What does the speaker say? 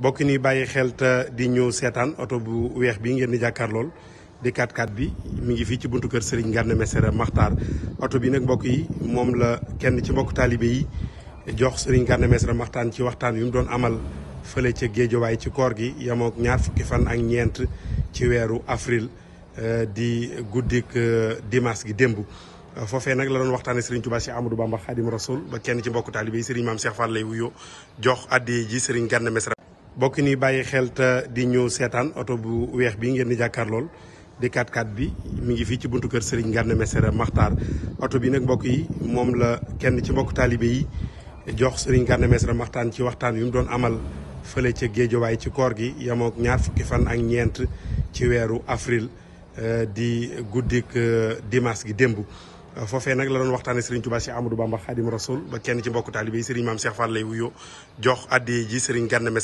bokk ni bàyyi xel di ñëw seetaan oto bu weex bii ngeen di jàkkaar lool di 4 x bi mu ngi fii ci buntu kër Serigne Ganna Messere Maxtaar oto bi nag bokk yi moom la kenn ci mbokk taalibe yi jox Serigne Ganna Messere Maxtaar ci waxtaan wi mu doon amal fële ca Géejawaay ci koor gi yemook ñaar fukki fan ak ñeent ci weeru avril euh, di guddik euh, dimanche gi démb foofee nag la doon waxtaane Serigne Touba Cheikh Amadou Bamba Khadim Rasoul ba kenn ci mbokk taalibe yi Serigne Maam Cheikh Fall lay wuyoo jox addi ji Serigne Ganna Messere bokk ni bàyyi xel di ñëw seetaan oto bu weex bii ngeen di jàkkaarlool di 4 x bi mu ngi fi ci buntu kër Serigne Ganna Messere Maxtaar oto bi nag bokk yi moom la kenn ci mbokk taalibe yi jox Serigne Ganna Messere ci waxtaan wi mu doon amal fële ca Géejawaay ci koor gi yemook ñaar fukki fan ak ñeent ci weeru avril euh, di guddik euh, dimanche gi démb foofee nag la doon waxtaane Serigne Touba Cheikh Amadou Bamba kenn ci mbokk taalibe yi Serigne Maam Cheikh Fall lay wuyoo jox addi ji Serigne